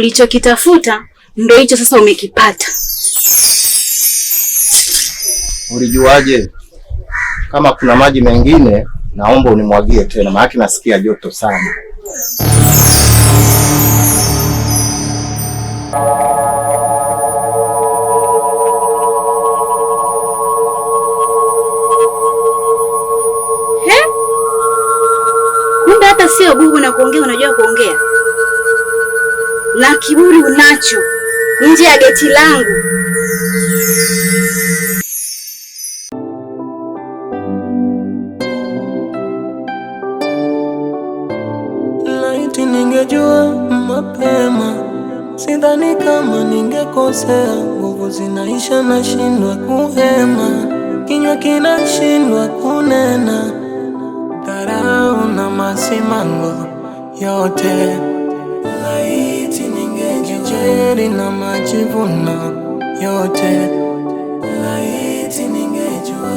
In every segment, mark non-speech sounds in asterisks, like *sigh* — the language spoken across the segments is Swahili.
ulichokitafuta ndo hicho sasa umekipata. Ulijuaje? Kama kuna maji mengine naomba unimwagie tena, maana nasikia joto sana. Kumbe hata sio bubu na kuongea, unajua kuongea na kiburi unacho nje ya geti langu. Laiti ningejua mapema, sidhani kama ningekosea. Nguvu zinaisha, nashindwa kuhema, kinywa kinashindwa kunena, dharau na masimango yote heri na majivuno yote, laiti ningejua.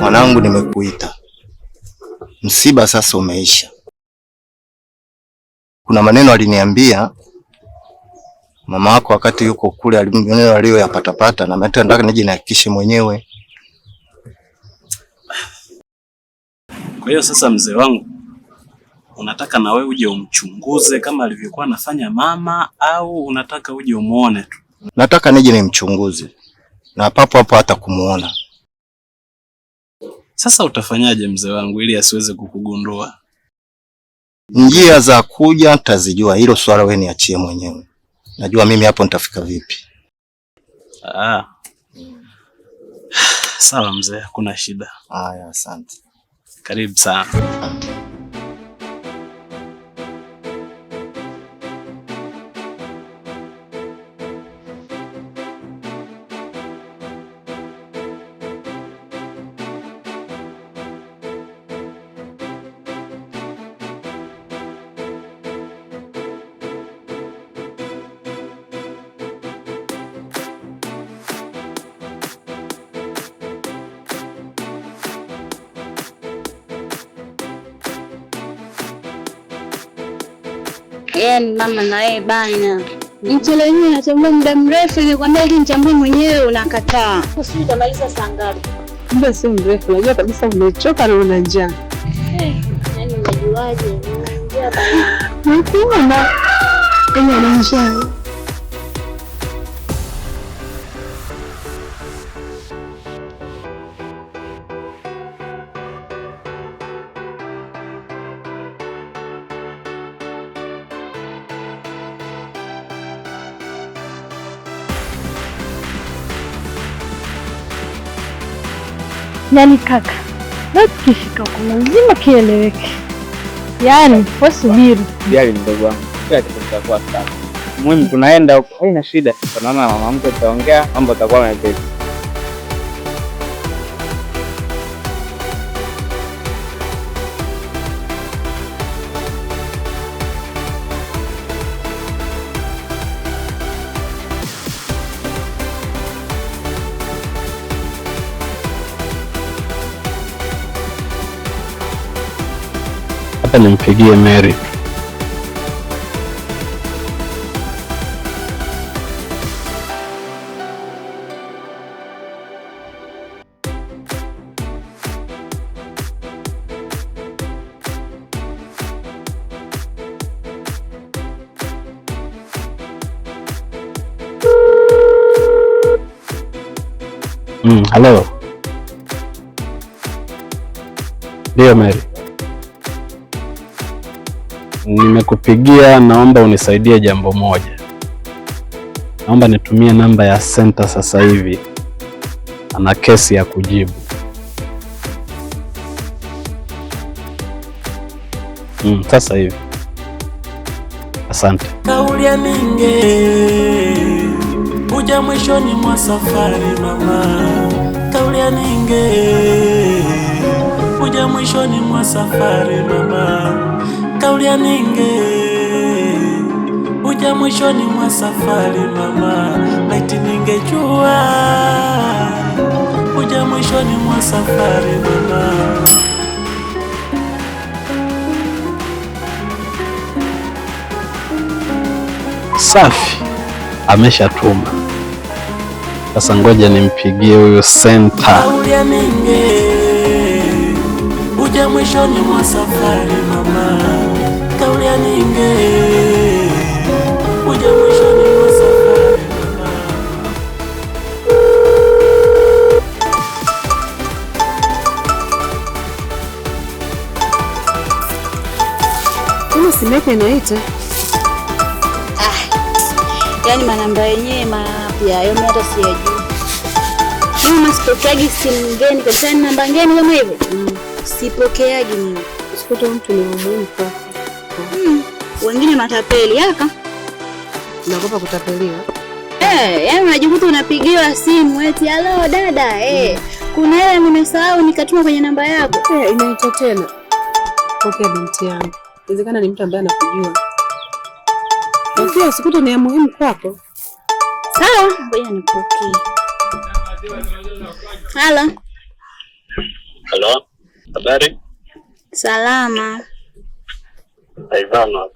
Mwanangu, nimekuita msiba sasa umeisha. Kuna maneno aliniambia mama wako wakati yuko kule aliyo aliyoyapatapata, na mimi nataka nije nihakikishe mwenyewe. Kwa hiyo sasa, mzee wangu, unataka na wewe uje umchunguze kama alivyokuwa anafanya mama, au unataka uje umuone tu? Nataka nije nimchunguze na papo hapo hata kumuona. Sasa utafanyaje mzee wangu, ili asiweze kukugundua? Njia za kuja tazijua, hilo swala wewe niachie mwenyewe najua mimi hapo nitafika vipi. Ah. *sighs* Sawa mzee, hakuna shida. Haya, asante. Karibu sana. mama, na wewe bana mchele wenyewe nachambua muda mrefu, nikwambia hili nichambue mwenyewe unakataa. Sijui utamaliza saa ngapi? Muda si mrefu, najua kabisa umechoka na una njaa. Eh, yaani unajuaje? Yaani una bana. Nakuona. Yaani njaa. Yani kaka, kifika huko lazima kieleweke. yani wasubiri. Yaani mdogo wangu, kitakuwa sawa. Muhimu tunaenda huko, haina shida. Tutaonana na mama mtu, tutaongea mambo, tutakuwa mepesi. Acha nimpigie Mary. Mm, Halo. Ndio Mary. Nimekupigia, naomba unisaidie jambo moja. Naomba nitumie namba ya senta sasa hivi, ana kesi ya kujibu. Mm, sasa hivi. Asante. ya ninge kuja mwishoni mwa safari mama, ya ninge kuja mwishoni mwa safari mama kaulia ninge uja mwishoni mwa safari mama, laiti ningejua uja mwishoni mwa safari mama. Safi, ameshatuma sasa, ngoja nimpigie huyo senta uja mwishoni mwa safari mama simu yako inaita. Ah, yaani manamba yenyewe mapya hayo hata siyajui. Mimi nasipokeaji simu ngeni kwa ni namba ngeni kama hivyo. Mm, Sipokeaji mimi. Usikuta mtu ni muhimu kwa. Mm, wengine matapeli haka Unaogopa kutapeliwa? Eh, yaani unajikuta unapigiwa simu eti halo dada, eh. Mm. Kuna hela nimesahau nikatuma kwenye namba yako. Eh, inaita tena. Pokea binti yangu. Inawezekana ni mtu ambaye anakujua. Okay, sikuto ni muhimu kwako. Sawa, ngoja nipokee. Halo. Halo. Habari? Salama. Haivano.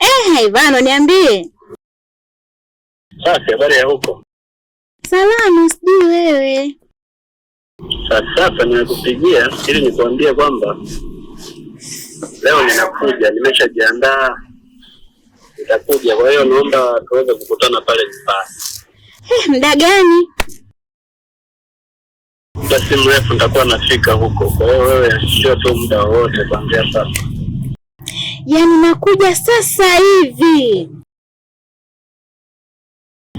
Eh, hey, niambie. Sasa habari ya huko? Salama, sijui wewe. Sasa nimekupigia ili nikuambie kwamba leo ninakuja, nimeshajiandaa nitakuja. Kwa hiyo naomba tuweze kukutana pale nyumbani. Hey, eh, muda gani? Muda si mrefu nitakuwa nafika huko, kwa hiyo wewe sio tu muda wowote kuanzia sasa. Yaani nakuja sasa hivi?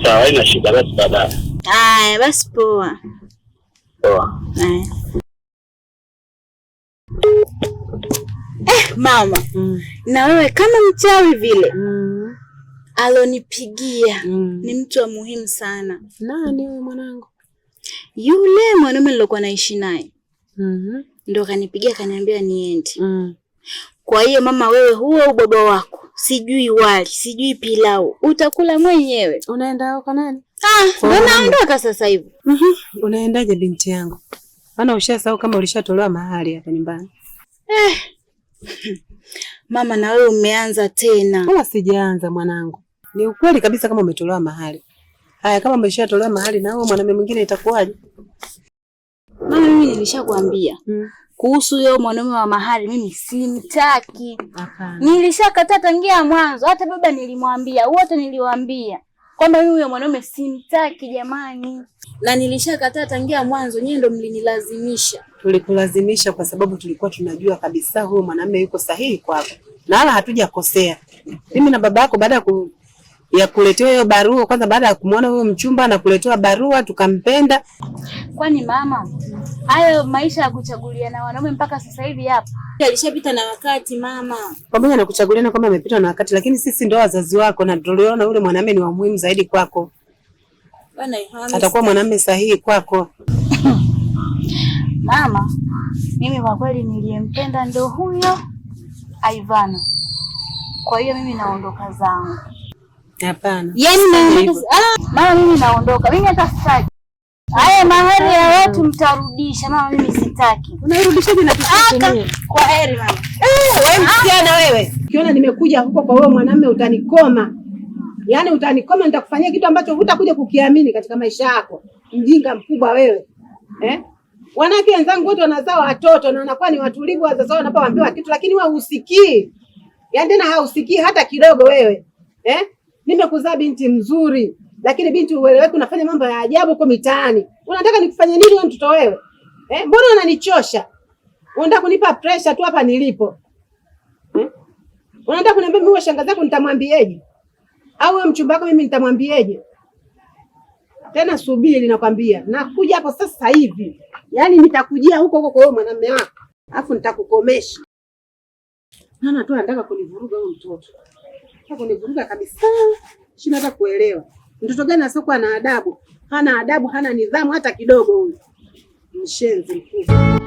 Sawa, haina shida. Basi baadaye. Haya, basi poa. Poa. mama mm. na wewe kama mchawi vile mm. alonipigia mm. ni mtu wa muhimu sana. Nani wewe mwanangu? Yule mwanaume nilokuwa naishi naye mm -hmm. ndo kanipigia kaniambia niende mm. kwa hiyo mama, wewe huo ubobo wako, sijui wali, sijui pilau, utakula mwenyewe. Unaenda kwa nani? Ah, naondoka sasa hivi. mm -hmm. Unaendaje binti yangu? Maana ushasahau kama ulishatolewa mahali hapa nyumbani eh. Mama na wewe umeanza tena. Kama sijaanza mwanangu, ni ukweli kabisa. Kama umetolewa mahali haya, kama umeshatolewa mahali na wewe mwanamume mwingine itakuwaje? Mama mimi nilishakwambia hmm, kuhusu yo mwanamume wa mahali mimi simtaki. Hapana, nilishakataa tangia mwanzo. Hata baba nilimwambia, wote niliwaambia kwamba huyo mwanaume simtaki jamani, na nilishakataa tangia mwanzo. Nyie ndo mlinilazimisha. Tulikulazimisha kwa sababu tulikuwa tunajua kabisa huyo mwanaume yuko sahihi kwako, na wala hatujakosea. Mimi na baba yako baada ya ya kuletewa hiyo barua, kwanza baada ya kumwona huyo mchumba na kuletewa barua tukampenda. Kwani mama, hayo maisha ya kuchagulia na wanaume mpaka sasa hivi hapa alishapita na wakati mama, pamoja na kuchaguliana kwamba amepita na wakati, lakini sisi ndo wazazi wako na tuliona ule mwanamume ni wa muhimu zaidi kwako, atakuwa mwanamume sahihi kwako. *coughs* Mama, mimi kwa kweli niliyempenda ndo huyo Aivana, kwa hiyo mimi naondoka zangu. Hapana. Yaani mama mimi naondoka. Mimi hata sitaki. Haya mahari ya watu mtarudisha. Mama mimi sitaki. Kwa heri mama. Eh, wewe msichana nimekuja huko kwa wewe mwanamume utanikoma. Yaani utanikoma nitakufanyia kitu ambacho hutakuja kukiamini katika maisha yako. Mjinga mkubwa wewe. Eh? Wanawake wenzangu wote wanazaa watoto na wanakuwa ni watulivu wazazi wao wanapoambiwa kitu lakini wewe usikii. Yaani tena hausikii hata kidogo wewe. Eh? nimekuzaa binti mzuri, lakini binti uelewe, unafanya mambo ya ajabu huko mitaani. Unataka nikufanye nini wewe mtoto wewe? Eh, mbona unanichosha? Unataka kunipa pressure tu hapa nilipo. Eh? Unataka kuniambia mimi shangazi yako nitamwambieje? Au wewe mchumba wako mimi nitamwambieje? Tena subiri, nakwambia nakuja hapo sasa hivi. Yaani nitakujia huko huko kwa wewe mwanamume wako. Alafu nitakukomesha. Nana tu anataka kunivuruga huyo mtoto kunivuruga kabisa, sina hata kuelewa. Mtoto gani asiokuwa na adabu? Hana adabu, hana nidhamu hata kidogo, huyu mshenzi mkubwa.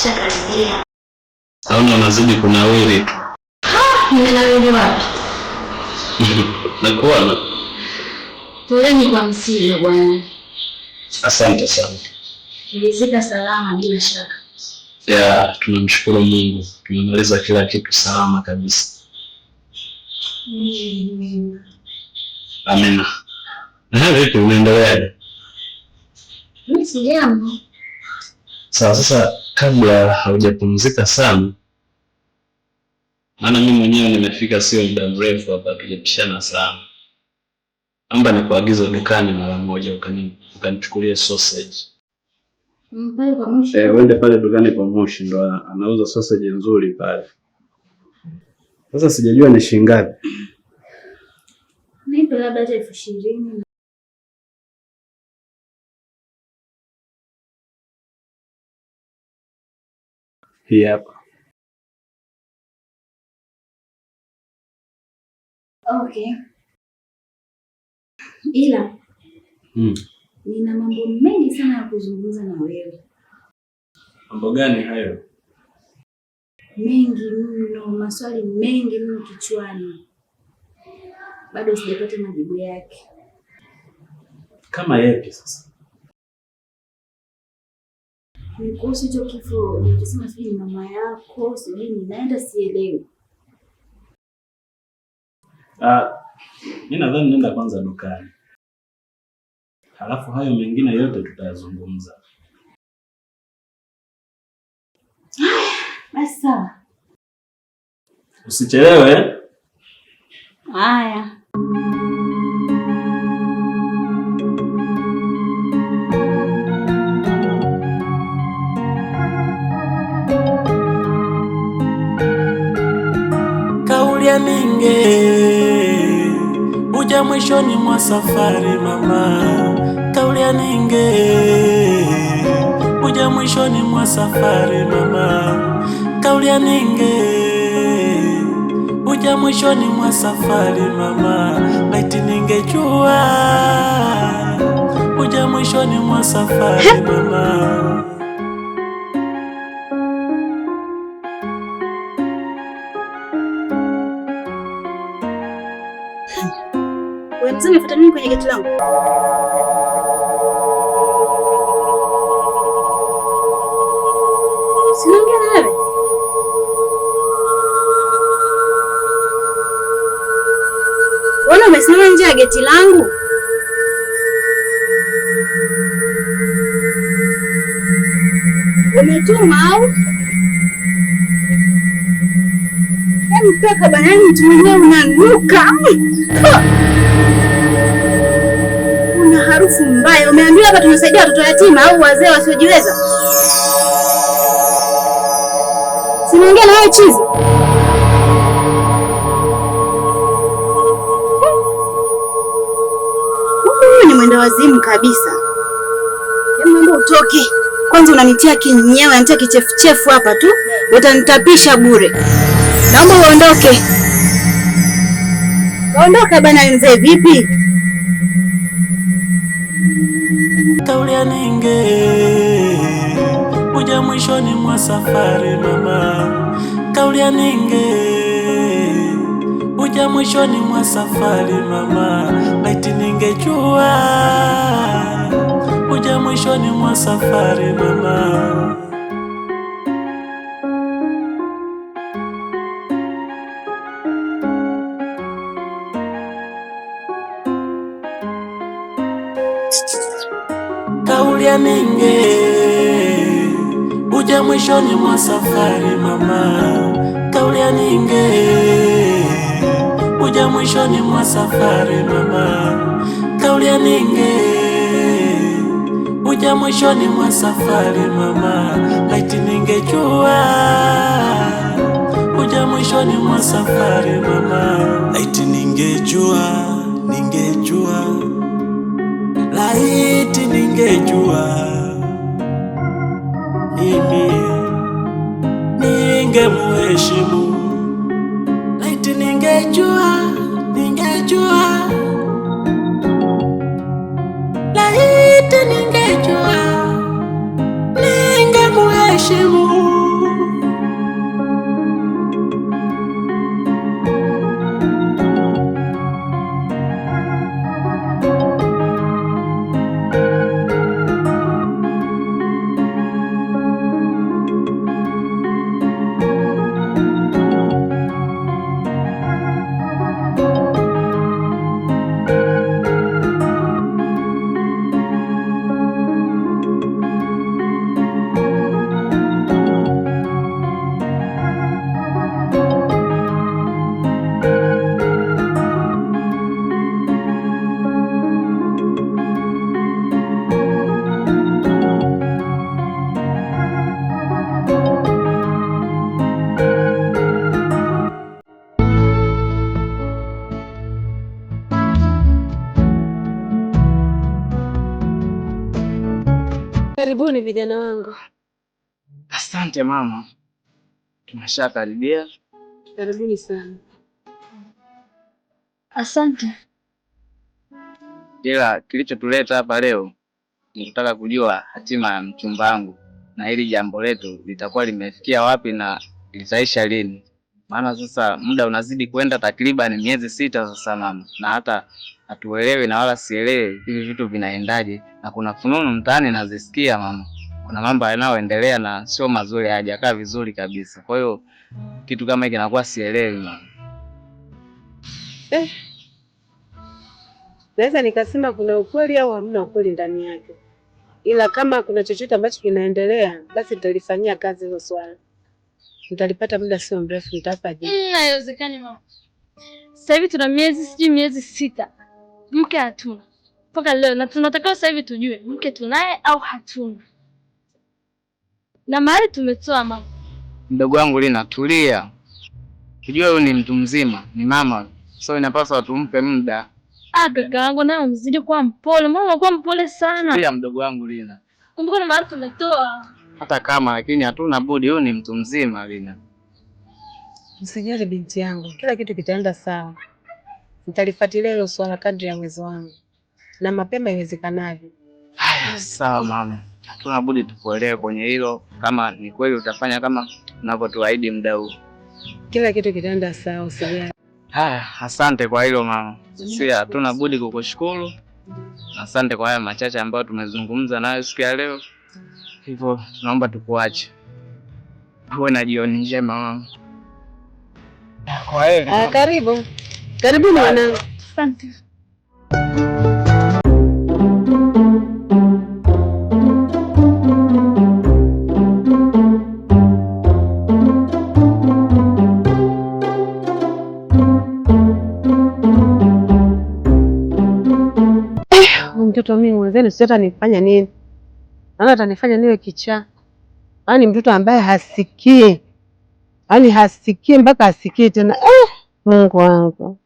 Nishakaribia. Naona unazidi kunawiri. Ha, nimenawiri wapi? *laughs* Nakuona. Poleni kwa msiba bwana. Asante sana. Nilizika salama bila shaka. Ya, tunamshukuru Mungu. Tumemaliza kila kitu salama kabisa. Amina. Na vipi unaendelea? Mimi sijambo. Sawa, sasa kabla haujapumzika sana, maana mimi mwenyewe nimefika sio muda mrefu hapa, tujapishana sana. Amba nikuagiza dukani mara moja ukanichukulie sausage. Eh, uende pale dukani kwa Moshi, ndo anauza sausage nzuri pale. Sasa sijajua ni shilingi ngapi. Mimi labda elfu ishirini. Yep. hapa. Okay. Ila mm, nina mambo mengi sana ya kuzungumza na wewe. Mambo gani hayo? Mengi mno, maswali mengi mno kichwani, bado sijapata majibu yake. Kama yepi sasa? kuhusu hicho kifo nikisema, sijui ni mama yako, sijui ninaenda, sielewi. Ah, mi nadhani nenda kwanza dukani, halafu hayo mengine yote tutayazungumza. Basi sawa, usichelewe. Eh? Haya. ya mwishoni mwa safari mama, kauli ya kuja mwishoni mwa safari mama, kauli ya kuja mwishoni mwa safari mama, laiti ningejua kuja mwishoni mwa safari mama Sasa nifuata nini kwenye geti langu? Sinaongea na wewe. Wana umesimama nje ya geti langu. Umetuma au? Yaani mpaka banani mtu mwenyewe unanuka harufu mbaya. Umeambiwa hapa tunasaidia watoto yatima au wazee wasiojiweza. Sinaongea na wewe chizi. Huyu ni mwenda wazimu kabisa. Mambo utoke kwanza, unanitia kinyewe, unanitia kichefuchefu hapa tu, utanitapisha bure. Naomba uondoke. Ondoka bana, mzee vipi? Kaulia ninge kuja mwishoni mwa safari mama, kaulia ninge kuja mwishoni mwa safari mama, laiti ningejua kuja mwishoni mwa safari mama. kulia ninge kuja mwishoni mwa safari mama, kaulia ninge kuja mwishoni mwa safari mama, kaulia ninge kuja mwishoni mwa safari mama, laiti ningejua kuja mwishoni mwa safari mama, laiti ningejua ningejua laiti ningejua mimi ningemuheshimu, laiti ningejua, ningejua, laiti ningejua, ningemuheshimu Karibuni vijana wangu. Asante mama, tumeshakaribia. Karibuni sana. Asante. Ila kilichotuleta hapa leo ni kutaka kujua hatima ya mchumba wangu na hili jambo letu litakuwa limefikia wapi na litaisha lini, maana sasa muda unazidi kwenda, takriban miezi sita sasa mama, na hata hatuelewi na wala sielewi hivi vitu vinaendaje, na kuna fununu mtaani nazisikia mama, kuna mambo yanayoendelea na sio mazuri, hayajakaa vizuri kabisa. Kwa hiyo kitu kama hiki nakuwa sielewi mama. Eh, naweza nikasema kuna ukweli au hamna ukweli ndani yake, ila kama kuna chochote ambacho kinaendelea, basi nitalifanyia kazi hilo swala, nitalipata muda sio mrefu, nitapa jibu. Hmm, haiwezekani mama, sasa hivi tuna miezi sijui miezi sita mke hatuna mpaka leo, na tunatakiwa sasa hivi tujue mke tunaye au hatuna, na mahali tumetoa. Mama mdogo wangu Lina, tulia, kijua huyu ni mtu mzima, ni mama, so inapaswa tumpe muda. Ah, kaka wangu nayo mzidi kuwa mpole. Mama kuwa mpole sana. Pia mdogo wangu Lina, kumbuka na mahali tumetoa, hata kama lakini hatuna budi, huyu ni mtu mzima. Lina, msijali binti yangu, kila kitu kitaenda sawa. Nitalifuatilia hilo swala kadri ya uwezo wangu na mapema iwezekanavyo. Haya, sawa mama, hatuna budi tukuelewe kwenye hilo, kama ni kweli utafanya kama unavyotuahidi muda huu, kila kitu kitaenda sawa, usijali. Haya, asante kwa hilo mama, sisi hatuna budi kukushukuru. Asante kwa haya machache ambayo tumezungumza nayo siku ya leo, hivyo tunaomba tukuache, uwe na jioni njema mama. Kwa heri. Ah, karibu. Karibuni wanangu. Asante. Eh, mtoto mimi mwenzenu si atanifanya nini? Naona atanifanya niwe kichaa. Yaani mtoto ambaye hasikii, yaani hasikii mpaka hasikii tena. Eh, Mungu wangu.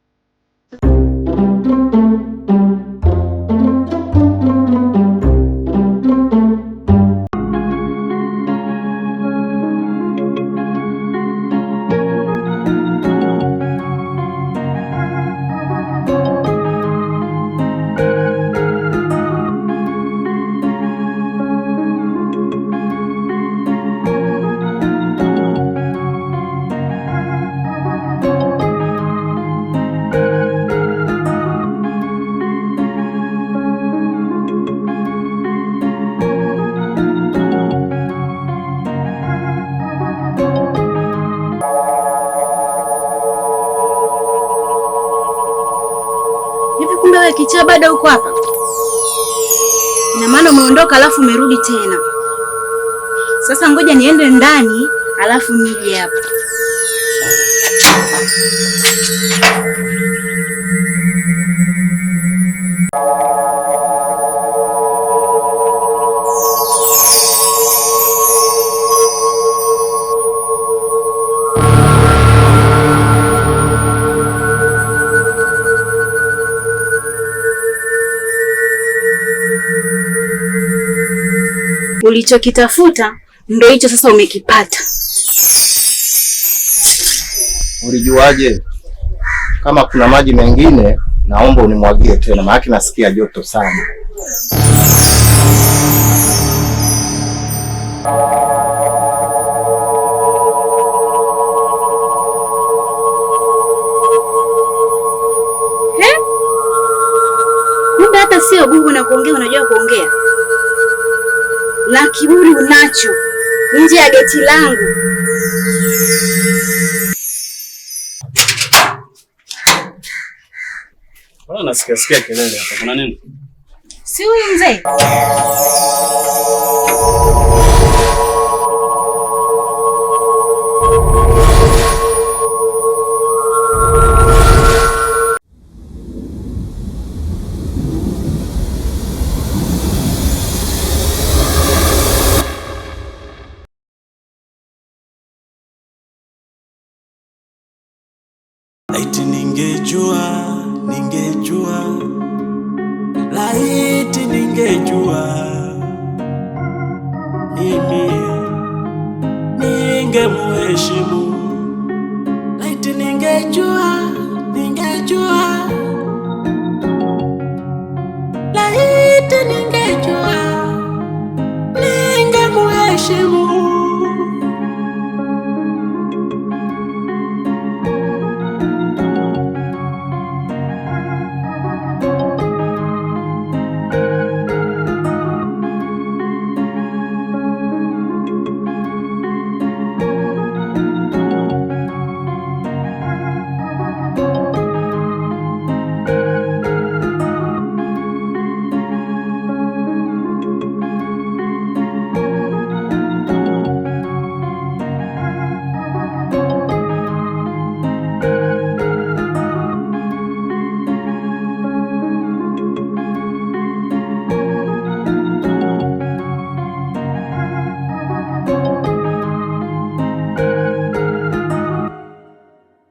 bado uko hapa? Ina maana umeondoka alafu umerudi tena. Sasa ngoja niende ndani alafu nije hapa. ulichokitafuta ndo hicho sasa umekipata. Ulijuaje kama kuna maji mengine? Naomba unimwagie tena, maana nasikia joto sana. He? hata sio bubu na kuongea, unajua kuongea na kiburi unacho nje ya geti langu. Nasikia sikia kelele hapa, kuna nini? Si huyu mzee?